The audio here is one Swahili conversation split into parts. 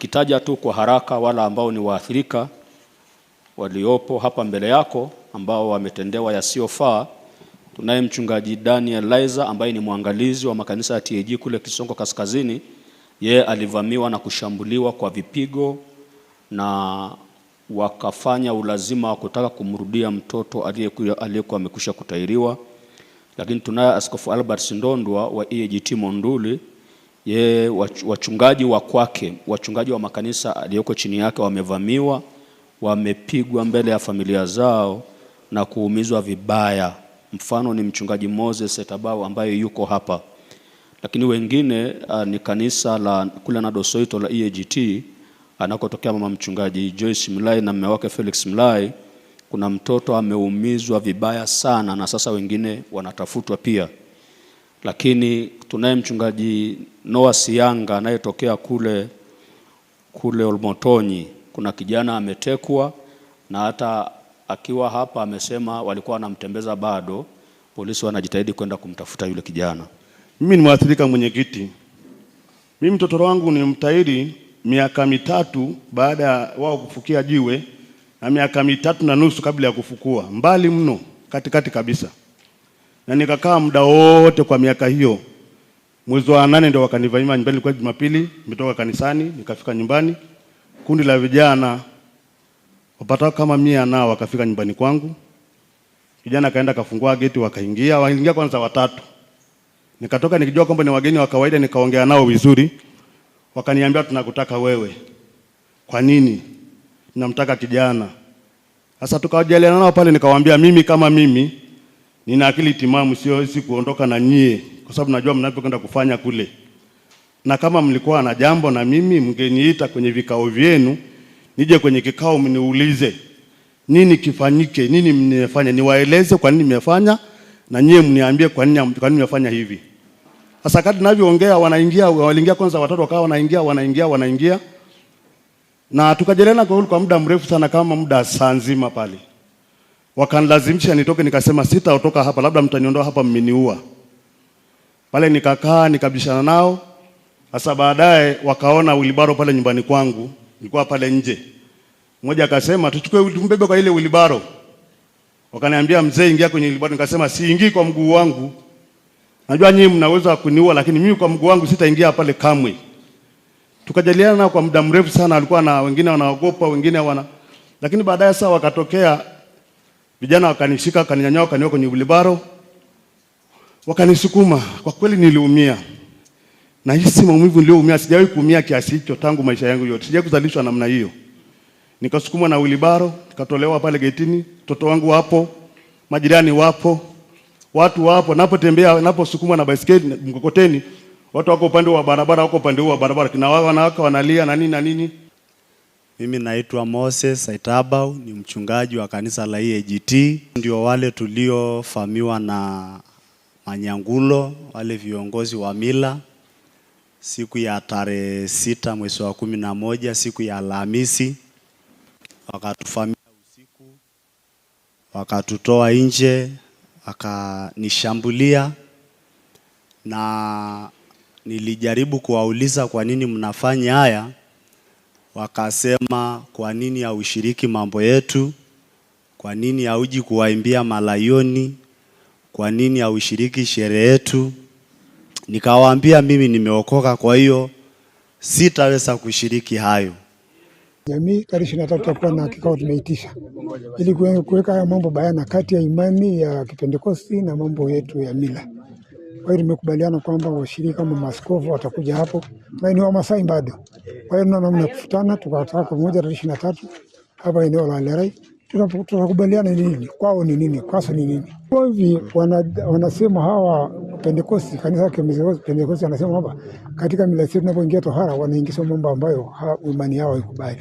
Nikitaja tu kwa haraka wala ambao ni waathirika waliopo hapa mbele yako ambao wametendewa yasiyofaa, tunaye mchungaji Daniel Laizer ambaye ni mwangalizi wa makanisa ya TAG kule Kisongo Kaskazini. Yeye alivamiwa na kushambuliwa kwa vipigo na wakafanya ulazima wa kutaka kumrudia mtoto aliyekuwa amekwisha kutairiwa. Lakini tunaye Askofu Albert Sindondwa wa EAGT Monduli ye wachungaji wa kwake, wachungaji wa makanisa aliyoko chini yake wamevamiwa, wamepigwa mbele ya familia zao na kuumizwa vibaya. Mfano ni mchungaji Moses Etabau ambaye yuko hapa, lakini wengine uh, ni kanisa la kule Nadosoito la EAGT anakotokea mama mchungaji Joyce Mlai na mume wake Felix Mlai. Kuna mtoto ameumizwa vibaya sana, na sasa wengine wanatafutwa pia lakini tunaye mchungaji Noah Sianga anayetokea kule kule Olmotonyi. Kuna kijana ametekwa na hata akiwa hapa amesema walikuwa wanamtembeza, bado polisi wanajitahidi kwenda kumtafuta yule kijana. Mimi ni mwathirika, mwenyekiti. Mimi mtoto wangu ni mtahiri, miaka mitatu baada ya wao kufukia jiwe na miaka mitatu na nusu kabla ya kufukua, mbali mno, katikati kabisa na nikakaa muda wote kwa miaka hiyo. Mwezi wa nane ndio wakanivamia nyumbani, kwa Jumapili, nimetoka kanisani nikafika nyumbani, kundi la vijana wapatao kama mia nao wakafika nyumbani kwangu. Kijana akaenda akafungua geti, wakaingia, waingia kwanza watatu. Nikatoka nikijua kwamba ni wageni wa kawaida, nikaongea nao vizuri, wakaniambia tunakutaka wewe. Kwa nini? Namtaka kijana. Sasa tukajaliana nao pale, nikawaambia mimi kama mimi nina akili timamu, siwezi kuondoka na nyie kwa sababu najua mnavyokwenda kufanya kule, na kama mlikuwa na jambo na mimi mngeniita kwenye vikao vyenu, nije kwenye kikao mniulize nini kifanyike, nini mnifanya, niwaeleze kwa nini mmefanya, na nyie mniambie kwa nini kwa nini mmefanya hivi. Sasa kadri ninavyoongea, wanaingia waliingia kwanza watoto wakawa wanaingia wanaingia wanaingia, na kwa kwa muda mrefu sana, kama muda saa nzima pale wakanlazimisha nitoke, nikasema sitaotoka hapa, labda mtaniondoa hapa, mmeniua. Pale nikakaa nikabishana nao. Sasa baadaye wakaona wilibaro pale nyumbani kwangu, nilikuwa pale nje. Mmoja akasema tuchukue, tumbebe kwa ile wilibaro. Wakaniambia mzee, ingia kwenye wilibaro. Nikasema siingii kwa mguu wangu, najua nyinyi mnaweza kuniua, lakini mimi kwa mguu wangu sitaingia pale kamwe. Tukajadiliana kwa muda mrefu sana, alikuwa na wengine wanaogopa, wengine wana, lakini baadaye sasa wakatokea Vijana wakanishika, wakaninyanyua, wakaniweka kwenye ulibaro wakanisukuma. Kwa kweli niliumia. Na hisi maumivu niliyoumia, sijawahi kuumia kiasi hicho tangu maisha yangu yote. Sijawahi kuzalishwa namna hiyo. Nikasukumwa na ulibaro nikatolewa pale getini, mtoto wangu wapo, majirani wapo, watu wapo, napotembea, naposukumwa na baisikeli mkokoteni, watu wako upande wa barabara, wako upande huu wa barabara, kina wao wanawake wanalia na nini na nini. Mimi naitwa Moses Saitabau, ni mchungaji wa kanisa la EAGT. Ndio wale tuliofamiwa na manyangulo, wale viongozi wa mila, siku ya tarehe sita mwezi wa kumi na moja, siku ya Alhamisi, wakatufamia usiku, wakatutoa nje, wakanishambulia na nilijaribu kuwauliza kwa nini mnafanya haya wakasema, kwa nini haushiriki mambo yetu? Kwa nini hauji kuwaimbia malayoni? Kwa nini haushiriki sherehe yetu? Nikawaambia mimi nimeokoka, kwa hiyo sitaweza kushiriki hayo. Jamii tarehe 23 tutakuwa na kikao tumeitisha, ili kuweka mambo bayana kati ya imani ya Kipentekosti na mambo yetu ya mila. Kwa hiyo nimekubaliana kwamba washirika kama maaskofu watakuja hapo na ni Wamasai bado. Kwa hiyo tuna namna kufutana, tukataa pamoja tarehe ishirini na tatu hapa eneo la Lerai tutakubaliana ni nini kwao, ni nini kwaso, ni nini kwa hivi wanasema hawa Pentekosti, kanisa la Pentekosti anasema kwamba katika mila zetu tunapoingia tohara wanaingiza mambo ambayo imani yao haikubali.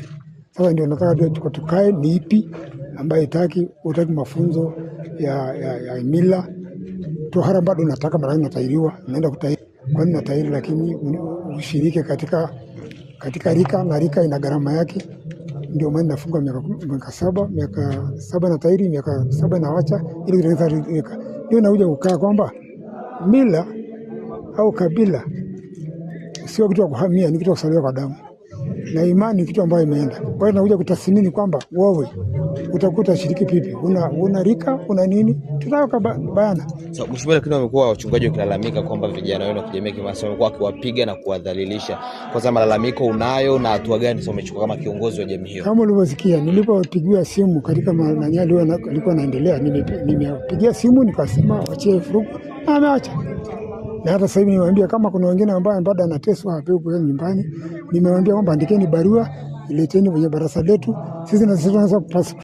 Sasa ndio nataka tukae, ni ipi ambayo itaki utaki mafunzo ya, ya, ya mila tohara bado nataka baadaye natairiwa, naenda Kwa nini natahiri? lakini ushirike katika katika rika na rika ina gharama yake. Ndio maana nafunga miaka saba, miaka saba na tairi, miaka saba wacha ili kutengeneza rika. Ndio nakuja kukaa kwamba mila au kabila sio kitu cha kuhamia, ni kitu cha kusaliwa kwa damu na imani kitu ambayo imeenda. Kwa hiyo nakuja kutathmini kwamba wewe utakuwa utashiriki vipi, una, una rika una nini, tutaweka bayana. So, mheshimiwa, lakini wamekuwa wachungaji wakilalamika kwamba vijana wenu wakijamia kimasomo wamekuwa wakiwapiga na kuwadhalilisha. Kwanza, malalamiko unayo na hatua gani sasa umechukua kama kiongozi wa jamii hiyo? Kama ulivyosikia, nilipopigiwa simu katika manania alikuwa naendelea, nilipigia simu nikasema wachie furugu na ameacha na hata sasa hivi nimewaambia kama kuna wengine ambao bado anateswa hapo nyumbani, nimewaambia kwamba andikeni barua, ileteni kwenye barasa letu, sisi na sisi tunaweza